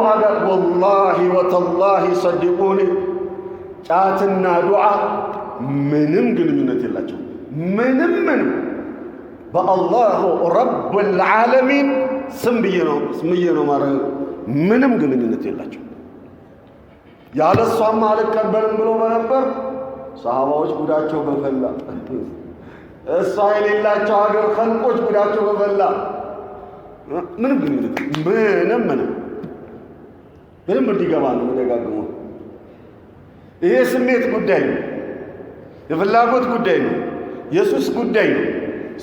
ዱዓ ወላሂ ወተላሂ ሰድቁኒ ጫትና ዱዓ ምንም ግንኙነት የላቸው። ምንም ምንም በአላሁ ረብል ዓለሚን ስም ብዬ ነው ስምዬ ነው ማለት ምንም ግንኙነት የላቸው። ያለ እሷማ አልቀበልም ብሎ በነበር ሰሃባዎች ጉዳቸው በፈላ። እሷ የሌላቸው ሀገር ኸልቆች ጉዳቸው በፈላ። ምንም ግንኙነት ምንም ምንም በደንብ እንዲገባ ነው ደጋግሞ። ይሄ ስሜት ጉዳይ ነው፣ የፍላጎት ጉዳይ ነው፣ የሱስ ጉዳይ ነው።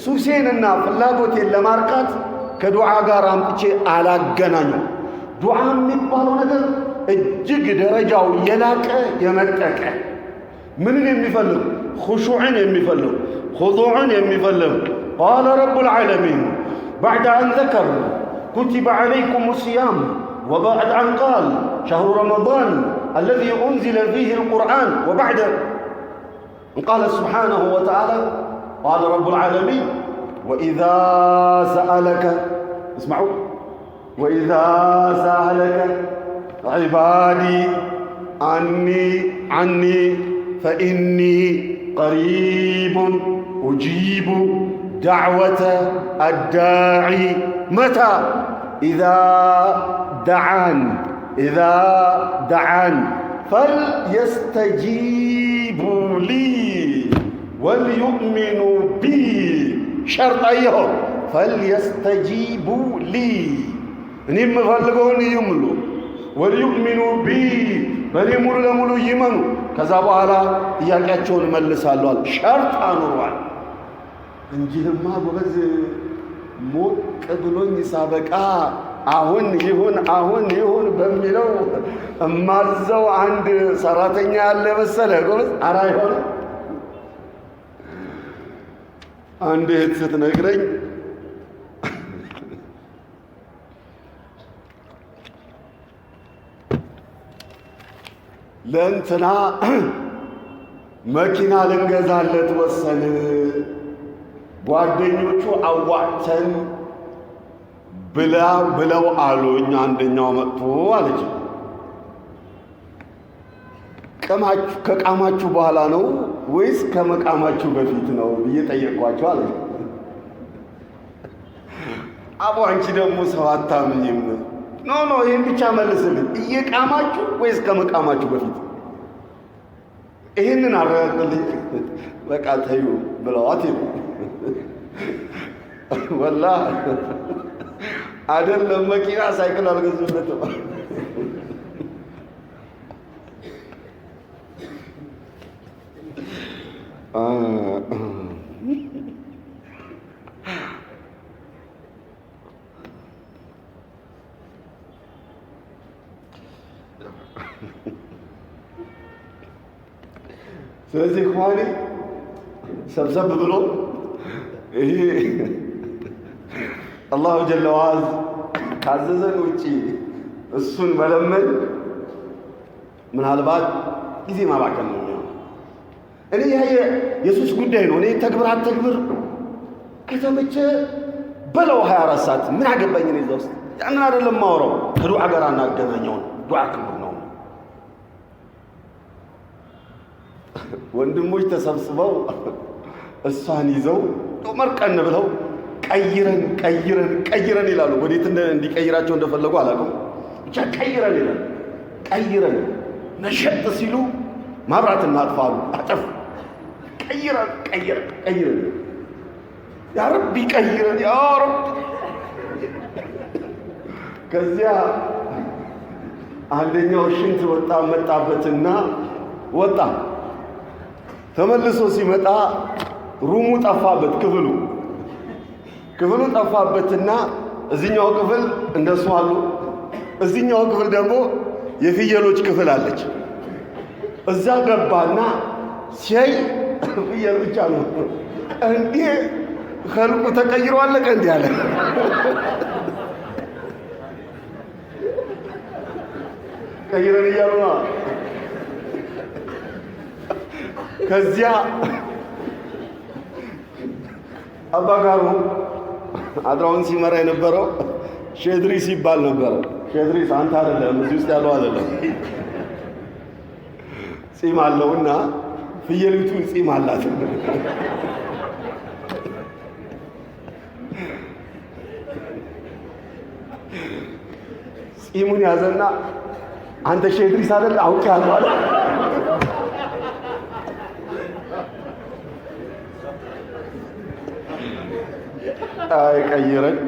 ሱሴንና ፍላጎቴን ለማርቃት ከዱዓ ጋር አምጥቼ አላገናኘው። ዱዓ የሚባለው ነገር እጅግ ደረጃው የላቀ የመጠቀ ምንን የሚፈልግ ሁሹዕን የሚፈልግ ሁዱዕን የሚፈልግ ቃለ ረቡል ዓለሚን ባዕደ አን ዘከር ኩቲበ ዓለይኩም ሲያም وبعد عن قال شهر رمضان الذي أنزل فيه القرآن وبعد قال سبحانه وتعالى قال رب العالمين وإذا سألك اسمعوا وإذا سألك عبادي عني عني فإني قريب أجيب دعوة الداعي متى ኢዛ ደዓን ኢዛ ደዓን ፈልየስተጂቡ ሊ ወልዩእሚኑ ቢ ሸርጣ ይሆን ፈልየስተጂቡ ሊ እኔ የምፈልገውን ይምሉ ወልዩእሚኑ ቢ በእኔ ሙሉ ለሙሉ ይመኑ። ከዛ በኋላ ጥያቄያቸውን እመልሳለሁ። ሸርጥ አኑሯል እንጂህማ ጎበዝ ሞቅ ብሎኝ ሳበቃ አሁን ይሁን አሁን ይሁን በሚለው እማልዘው አንድ ሰራተኛ ያለ መሰለ ጎበዝ። አራ ይሆነ አንድ እህት ስትነግረኝ ለእንትና መኪና ልንገዛለት ወሰንን ጓደኞቹ አዋተን ብላ ብለው አሉ እኛ አንደኛው መጥቶ አለች ከቃማችሁ በኋላ ነው ወይስ ከመቃማችሁ በፊት ነው ብዬ ጠየቅኳቸው አለች። አቦ አንቺ ደግሞ ሰው አታምኝም። ኖ ኖ ይህን ብቻ መልስልኝ፣ እየቃማችሁ ወይስ ከመቃማችሁ በፊት? ይህንን አረጋግጥልኝ። በቃ ተዩ ብለዋት ወላ አይደለም መኪና ሳይክል አልገዙለትም። ስለዚህ ኳኒ ሰብሰብ ብሎ ይሄ አላሁ ጀለዋዝ ካዘዘን ውጪ እሱን መለመን ምናልባት ጊዜ ማባከን ነው የሚሆነው። እኔ ይህ የሱስ ጉዳይ ነው። እኔ ተግብር አተግብር ከተመቸ በለው 24 ሰዓት ምን አገባኝ እኔ እዛ ያንን አይደለም ማውረው ከዱዓ ጋር እናገናኘውን ዱዓ ክቡር ነው። ወንድሞች ተሰብስበው እሷን ይዘው መርቀን ብለው ቀይረን ቀይረን ቀይረን ይላሉ። ወዴት እንዲቀይራቸው እንደፈለጉ አላውቅም። ብቻ ቀይረን ይላሉ። ቀይረን መሸጥ ሲሉ ማብራት እናጥፋሉ። አጠፉ። ቀይረን ቀይረን ቀይረን ያ ረቢ ቀይረን ያ ከዚያ አንደኛው ሽንት ወጣ መጣበትና ወጣ። ተመልሶ ሲመጣ ሩሙ ጠፋበት ክፍሉ ክፍሉ ጠፋበትና እዚኛው ክፍል እንደሱ አሉ፣ እዚኛው ክፍል ደግሞ የፍየሎች ክፍል አለች። እዛ ገባና ሲያይ ፍየል ብቻ ነው። እንዴ ከልቁ ተቀይሮ አለቀ እንዲህ አለ። ቀይረን እያሉ ከዚያ አባጋሩ አድራውን ሲመራ የነበረው ሼድሪስ ይባል ነበረ። ሼድሪስ አንተ አይደለም እዚህ ውስጥ ያለው አይደለም። ጺም አለውና ፍየሊቱ ጺም አላት። ጺሙን ያዘና አንተ ሼድሪስ አይደል አውቄ አለ آه، يقيرك